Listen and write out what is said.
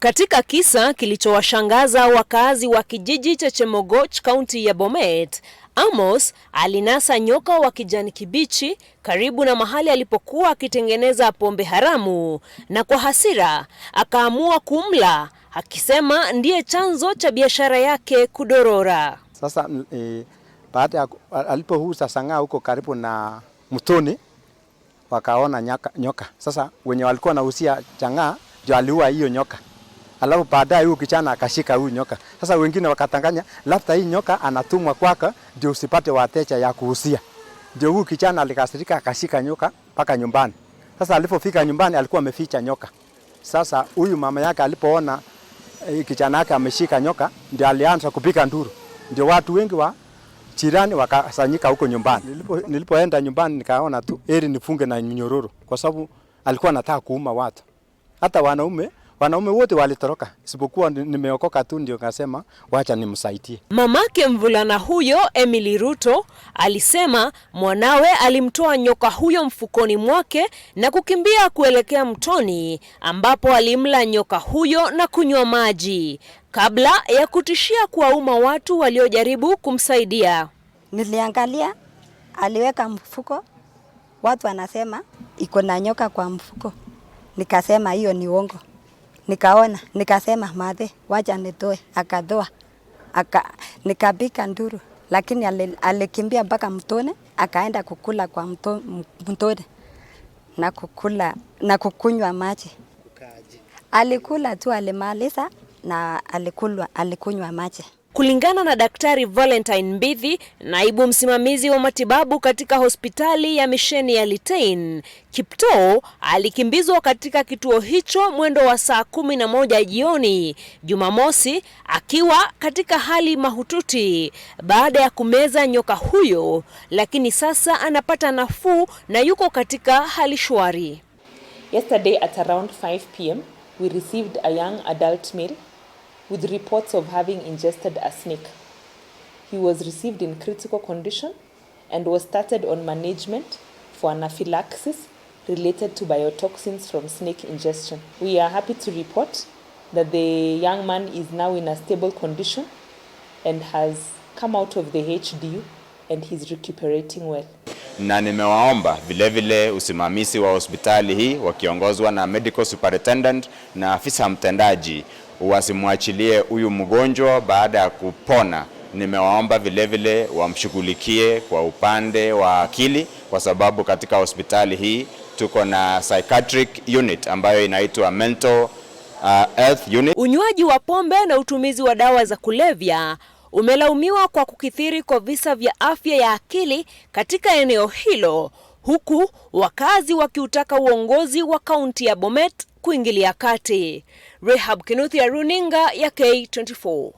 Katika kisa kilichowashangaza wakazi wa kijiji cha Chemogoch, kaunti ya Bomet, Amos alinasa nyoka wa kijani kibichi karibu na mahali alipokuwa akitengeneza pombe haramu, na kwa hasira akaamua kumla, akisema ndiye chanzo cha biashara yake kudorora. Sasa e, baada ya alipohusa sang'aa huko karibu na mtoni, wakaona nyoka. Sasa wenye walikuwa wanahusia chang'aa ndio aliua hiyo nyoka alafu baadaye huyu kijana akashika huyu nyoka. Sasa wengine wakatanganya, labda hii nyoka anatumwa kwaka ndio usipate wateja ya kuhusia. Ndio huyu kijana alikasirika akashika nyoka mpaka nyumbani. Sasa alipofika nyumbani alikuwa ameficha nyoka. Sasa huyu mama yake alipoona eh, kijana yake ameshika nyoka ndio alianza kupika nduru. Ndio watu wengi wa jirani wakasanyika huko nyumbani. Nilipoenda Nilipo, nyumbani nikaona tu heri nifunge na nyororo kwa sababu alikuwa anataka kuuma watu. Hata wanaume Wanaume wote walitoroka isipokuwa nimeokoka tu, ndio kasema wacha nimsaidie. Mamake mvulana huyo Emily Ruto alisema mwanawe alimtoa nyoka huyo mfukoni mwake na kukimbia kuelekea mtoni ambapo alimla nyoka huyo na kunywa maji kabla ya kutishia kuwauma watu waliojaribu kumsaidia. Niliangalia, aliweka mfuko, watu wanasema iko na nyoka kwa mfuko, nikasema hiyo ni uongo. Nikaona, nikasema madhe, wacha nitoe, akadoa Aka, nikapika nduru, lakini alikimbia mpaka mtoni, akaenda kukula kwa mto, mtoni na kukula na kukunywa maji. Alikula tu alimaliza na alikula alikunywa maji. Kulingana na Daktari Valentine Mbithi, naibu msimamizi wa matibabu katika hospitali ya misheni ya Litein, kipto alikimbizwa katika kituo hicho mwendo wa saa kumi na moja jioni Jumamosi akiwa katika hali mahututi baada ya kumeza nyoka huyo, lakini sasa anapata nafuu na yuko katika hali shwari. Yesterday at around 5 pm we received a young adult male with reports of having ingested a snake. He was received in critical condition and was started on management for anaphylaxis related to biotoxins from snake ingestion. We are happy to report that the young man is now in a stable condition and has come out of the HDU and he's recuperating well. Na nimewaomba vilevile usimamizi wa hospitali hii wakiongozwa na medical superintendent na afisa mtendaji wasimwachilie huyu mgonjwa baada ya kupona. Nimewaomba vilevile wamshughulikie kwa upande wa akili, kwa sababu katika hospitali hii tuko na psychiatric unit ambayo inaitwa mental uh, health unit. Unywaji wa pombe na utumizi wa dawa za kulevya umelaumiwa kwa kukithiri kwa visa vya afya ya akili katika eneo hilo, huku wakazi wakiutaka uongozi wa kaunti ya Bomet kuingilia kati. Rehab Kinuthia, runinga ya K24.